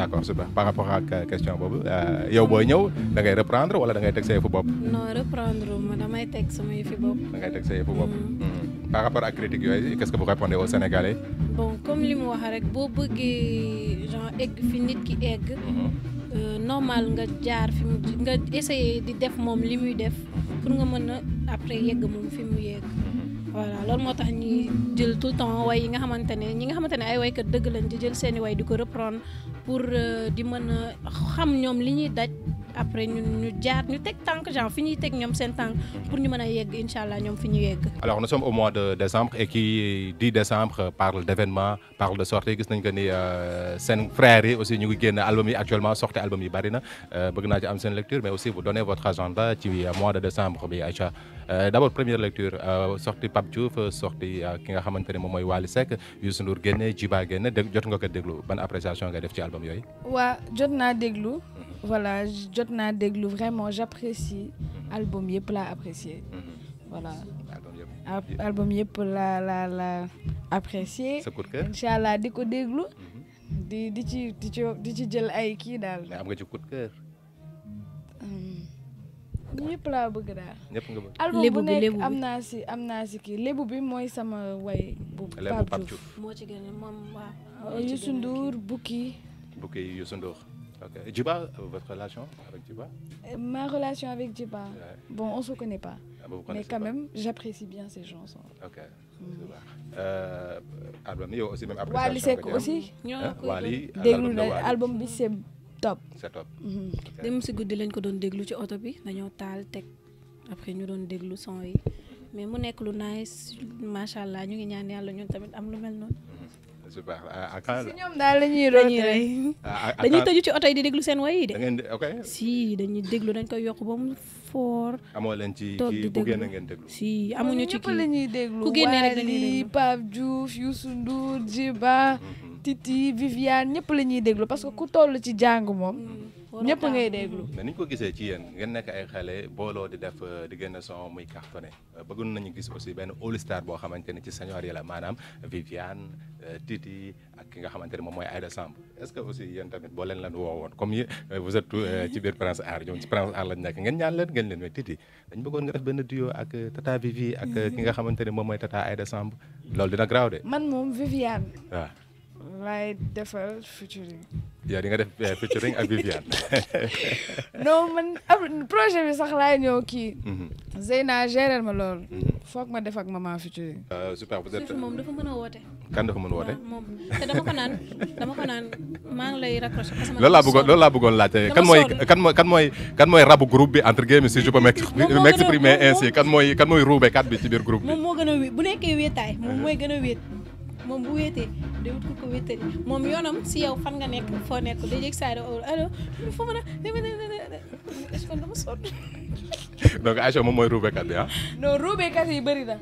d' accord super par rapport ak question boobu euh, yow booy ñëw da ngay reprendre wala da ngay teg sa yëfu bopp. non reprendre ma damay teg sama yëfu bopp. da ngay teg sa yëfu bopp. Mm. Mm. par rapport ak critique yooyu qu' est ce que vous répondez aux Sénégalais. comme li mu wax rek boo bëggee genre egg fi nit ki egg. Mm-hmm. Euh, normal nga jaar fi mu nga essayer di def moom li muy def pour nga mën a après yegg moom fi mu yegg. voilà loolu moo tax ñuy jël tout le temps way yi nga xamante ne ñi nga xamante ne ay waykat dëgg lañ di jël seeni way di ko reprendre pour euh, di mën a xam ñoom li ñuy daj après ñu jaar ñu teg tànk genre fi ñuy teg ñoom seen tànk pour ñu mën a yegg incha allah ñoom fi ñu yegg. alors nous sommes au mois de décembre et qui dit décembre parle d' parle de sortie gis nañ ko ni euh, seen frères yi ñu ngi génn album yi actuellement sortie album yi bari na euh, bëgg naa ci am seen lecture mais aussi vous donnez votre agenda ci euh, mois de décembre bi Aïcha d' première lecture sortie Pape Diouf sortie ki nga xamante ne moom mooy Wally Seck Youssou Ndour génne Djiba génne jot nga ko déglu ban voilà jot naa déglu vraiment j'apprécie mhm. album yëpp laa apprécié mhm. voilà album yëpp laa la la apprécié incha allah di ko déglu mhm. di di ci di ci di ci jël ay kii daal am nga ci coup de cœur ñëpp hmm. laa bëgg daal. ñëpp nga bëgg album am naa si am si kii lébu bi mooy sama way bu Pape Diouf moo ci gën moom waaw Bouki Bouki Youssou Ndour ok Djiba votre relation avec Djiba. Euh, ma relation avec Djiba. bon on se connaît pas. Ah, vous mais quand pas. même j'apprécie bien ces gens. ok mm. euh, album yow aussi même appréciation ko aussi. déglu na album bi c'est top. c'est top. Mm-hmm. dem si guddi lañ ko doon déglu ci oto bi dañoo taal teg ñu doon déglu son yi mais mu nekk lu nice macha allah ñu ngi ñaan yàlla ñun tamit am lu mel su baax ak si ñoom daal la ñuy rey dañuy tëju ci oto yi di déglu seen way yi de. da ngeen ok si dañuy déglu dañ koy yokk ba mu foor. amoo leen ci kii bu génne ngeen déglu si amuñu ci kii la ñuy déglu ku génne rek la ñuy déglu Pape Diouf Youssou Ndour mm-hmm. Titi Viviane ñëpp la ñuy déglu parce que ku toll ci jàng moom. Mm-hmm. ñëpp ngay déglu. Mhm. mais ni ko gisee ci yéen ngeen nekk ay xale booloo di def euh, di génn son muy cartonné euh, bëggoon nañu gis aussi benn all star boo xamante ni ci senior yi la maanaam Viviane euh, Titi ak ki nga xamante ne moom mooy Aïda Samb est-ce que aussi yéen tamit leen lan woowoon comme yi vous êtes nekk ngeen ñaan leen ngeen leen mais Titi dañ bëggoon nga def Tata Vivi nga xamante ne moom mooy Tata Aïda Samb loolu dina garaaw de. man moom Viviane ah. laay defal featuring. yow di nga def eh, featuring ak Viviane. non kii. Mhm. Zeyna gérer ma lool. Mhm. foog ma def ak maman featuring. Euh, super peut être moom mën a woote. kan loolu laa bëggoon laa bëggoon laajte kan mooy kan mooy kan mooy mooy rabu groupe bi entre guillemets si je peux m'exprimer ainsi kan mooy kan mooy ruube kat bi ci biir groupe bi. moom moo gën a wéet bu nekkee wéetaay moom euh. mooy gën a wéet. moom bu wéetee day wut ku ko wéetali moom yoonam si yow fan nga nekk foo nekk day yëg saa yoo oh, allo foofu nag est-ce moom mooy ruubekat bi ah. non yi bëri na.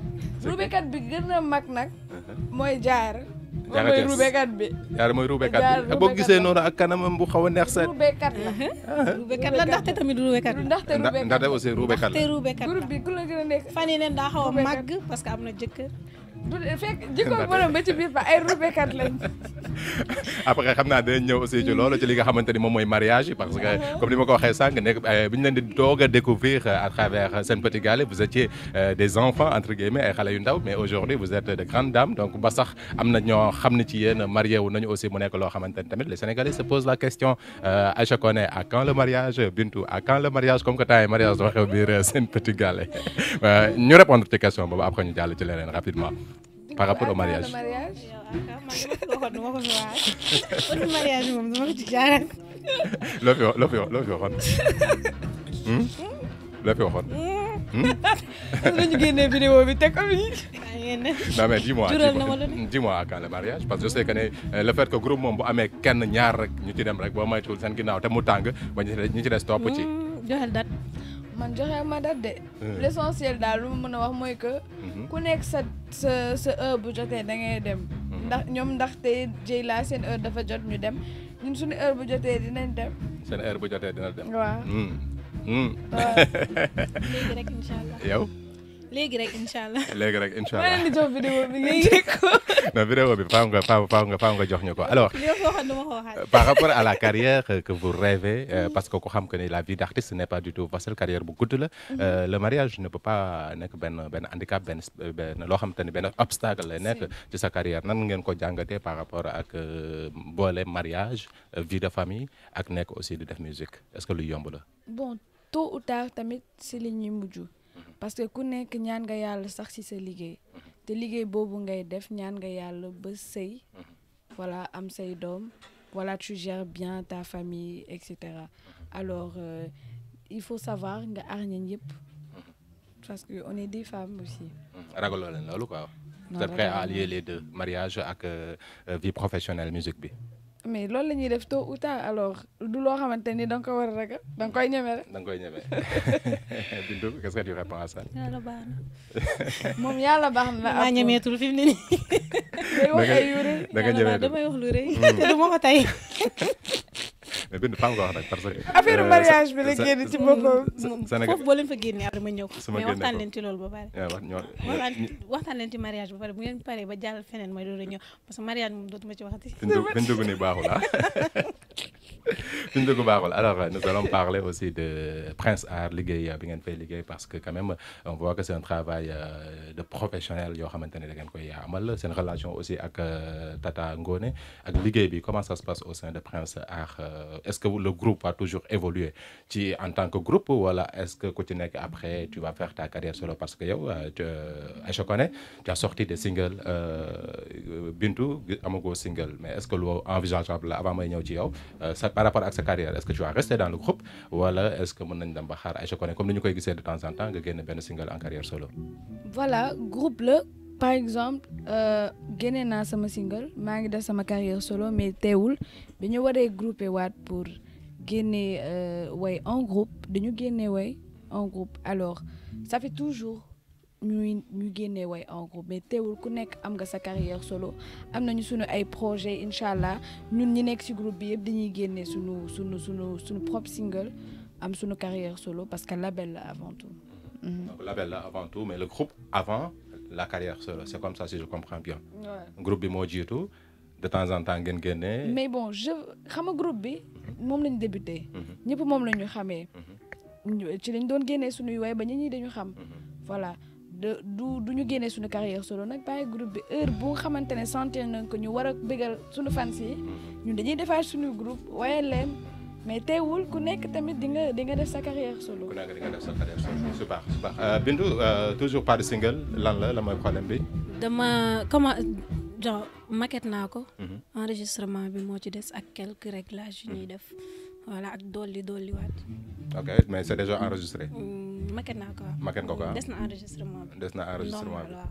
ruubekat bi gën a mag nag. Uh-huh. mooy jaar. jaar mooy ruubekat bi. jaar mooy ruubekat bi eh, boo gisee noonu ak kanamam bu xaw a neex seet. Uh-huh. ruubekat la. ruubekat la ndaxte tamit ruubekat la. ndaxte ruubekat la ndaxte aussi ruubekat la. groupe a nekk. fan yi neen daa xaw a parce que am na jëkkër. du fekk jikko borom ba ci biir ba ay rubekat lañ après xam naa dinañ ñëw aussi ci loolu ci li nga xamante ni moom mooy mariage yi parce que ah. comme li ma ko waxee sànq euh, di doog a découvrir euh, à travers euh, Sen Petit Gallé vous étiez des enfants entre guillemets ay xale yu ndaw mais aujourd'hui vous êtes de grandes dames donc ba am na ñoo xam ne ci yéen marié wu nañu aussi mu nekk loo xamante ni tamit les Sénégalais se posent la question Aïcha Koné à quand le mariage Bintou à quand le mariage comme que temps yi mariage doo xew biir Sen Petit boobu après ñu jàll ci leneen rapidement par rapport waaw man parce que ñu génnee bu amee kenn ñaar rek ñu ci dem rek boo moytuwul seen ginnaaw mu tàng ñu ci des topp ci. joxel dat man ma dat de. l'essentiel daal ma mën a wax mooy que. ku sa sa sa heure bu dem. ndax ñoom ndaxte jëy laa seen heure dafa jot ñu dem ñun suñu heure bu jotee dinañ dem. seen heure bu jotee dina dem. waaw. Hmm. Hmm. léegi rek incha allah yow. léegi rek incha allah léegi rek incha allah maa vidéo bi ngeen jël ko. non nga faaw nga faaw nga jox ñu ko alors. Euh, par rapport à la carrière euh, que vous rêvez euh, parce que ku xam que ni la vie d' artiste n' est pas du tout facile carrière bu gudd la. Mhm. le mariage ne peut pas nekk benn benn handicap benn benn loo xamante ni benn obstacle lay nekk. ci sa carrière nan ngeen ko jàngatee par rapport ak boole mariage vie de famille ak nekk aussi di def musique est ce que lu yomb la. bon tôt ou tard tamit si li parce que ku nekk ñaan nga yàlla sax si sa liggéey te liggéey boobu ngay def ñaan nga yàlla ba sëy voilà am say doom voilà tu gères bien ta famille et cetera alors euh, il faut savoir nga aar ñan parce que on est des femmes aussi. ragaloo leen la lu vous êtes prêt à allier les deux mariage ak euh, euh, vie professionnelle musique bi. mais loolu la ñuy def tôt ou tard alors du loo xamante ni da nga ko war a ragal da nga koy ñeme rek. da nga koy ñeme Bintou qu'est-ce que tu réponds à ça. yàlla baax na moom yàlla baax na. maa ñemeetul fi mu ne nii. day wax ay yu rëy. da nga ñeme damay wax lu rëy. Mm. te du ma ko tey. mais bind femme nga euh, bi la génn ci boppam. Sénégal foofu boo leen fa génnee après ma ñëw. waxtaan leen ci loolu ba pare. waxtaan leen ci mariage ba pare bu ngeen paree ba jàll feneen may doon ñëw parce que mariage moom dootuma ci waxati. fi ñu dugg suñ dugg baaxul alors euh, nous allons parler aussi de Prince Art liggéey euh, bi ngeen fay liggéey parce que quand même on voit que c'est un travail euh, de professionnel yoo xamante ne da ngeen koy amal seen relation aussi ak Tata Ngoné ak liggéey bi comment ça se passe au sein de Prince Art est-ce que le groupe a toujours évolué ci en tant que groupe wala est-ce que ku ci nekk après tu vas faire ta carrière solo parce que yow je connais tu as sorti des singles Bintu amagoo single mais est-ce que loo ci yow par rapport ak sa carrière est-ce que tu vas dans le groupe wala est-ce que mën nañ dem ba xaar Aïcha Koné comme ni koy gisee de temps en temps nga génne benn single en carrière solo. voilà groupe la par exemple euh, génne naa sama single maa ngi def sama carrière solo mais teewul bi ñu waree groupe waat pour génne euh, way en groupe dañu génne way en groupe alors ça fait toujours. ñuy ñu génne way en groupe mais teewul ku nekk am nga sa carrière solo am nañu suñu ay projet incha allah ñun ñi nekk si groupe bi yëpp dañuy génnee suñu suñu suñu suñu propre single am suñu carrière solo parce que label la avant tout. Mhm. donc label la avant tout mais le groupe la carrière solo c'est comme ça si je comprends bi moo jiitu de temps en temps ngeen mais bon xam nga groupe bi. Mhm. moom lañu débuté. Mhm. ñëpp moom la ñu xamee. ci lañ doon génnee suñuy way ba ñi ñu dañu xam. voilà. de du du ñu génnee suñu carrière solo nag bàyyi groupe bi heure bu xamante ne santé nañ ko ñu war a bégal suñu fans yi mhm. ñun dañuy defaat suñu groupe waaye leen mais teewul ku nekk tamit di nga di nga def sa carrière solo. ku nekk di nga su baax su baax Bintou toujours pas de single lan la la mooy problème bi. dama comment genre maquette naa ko. Mhm. enregistrement bi moo ci des ak quelque réglages yu ñuy mhm. def. voilà ak dolli dolli waat. ok mais c'est déjà enregistré. Mm, maquette naa ko waaw. maquette nga ko waaw ah. des na enregistrement bi. des na enregistrement bi